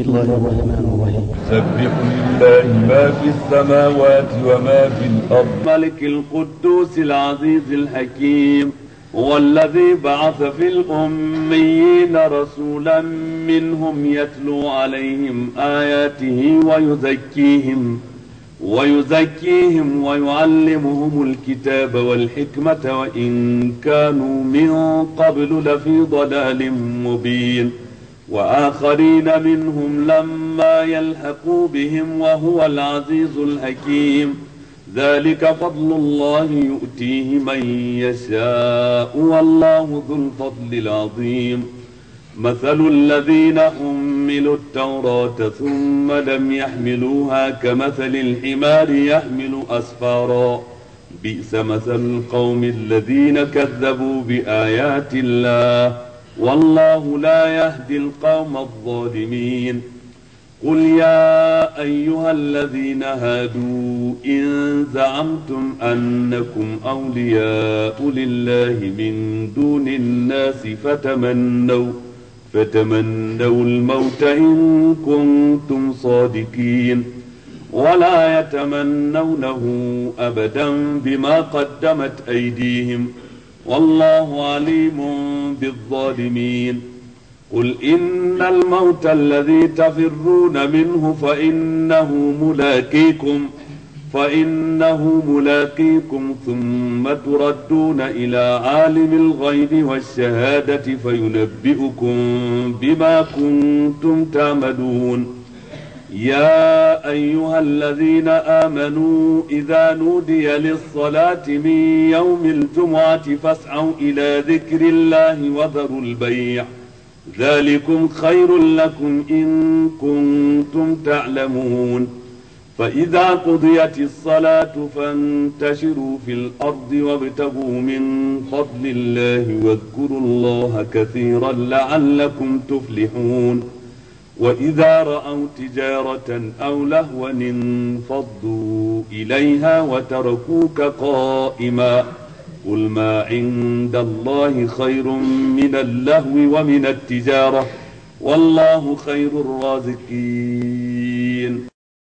بسم الله الرحمن الرحيم سبح لله ما في السماوات وما في الأرض ملك القدوس العزيز الحكيم هو الذي بعث في الأميين رسولا منهم يتلو عليهم آياته ويزكيهم ويزكيهم ويعلمهم الكتاب والحكمة وإن كانوا من قبل لفي ضلال مبين واخرين منهم لما يلحقوا بهم وهو العزيز الحكيم ذلك فضل الله يؤتيه من يشاء والله ذو الفضل العظيم مثل الذين حملوا التوراة ثم لم يحملوها كمثل الحمار يحمل أسفارا بئس مثل القوم الذين كذبوا بآيات الله والله لا يهدي القوم الظالمين قل يا أيها الذين هادوا إن زعمتم أنكم أولياء لله من دون الناس فتمنوا فتمنوا الموت إن كنتم صادقين ولا يتمنونه أبدا بما قدمت أيديهم ۖ والله عليم بالظالمين قل إن الموت الذي تفرون منه فإنه ملاقيكم فإنه ملاقيكم ثم تردون إلى عالم الغيب والشهادة فينبئكم بما كنتم تعملون يا ايها الذين امنوا اذا نودي للصلاه من يوم الجمعه فاسعوا الى ذكر الله وذروا البيع ذلكم خير لكم ان كنتم تعلمون فاذا قضيت الصلاه فانتشروا في الارض وابتغوا من فضل الله واذكروا الله كثيرا لعلكم تفلحون واذا راوا تجاره او لهوا انفضوا اليها وتركوك قائما قل ما عند الله خير من اللهو ومن التجاره والله خير الرازقين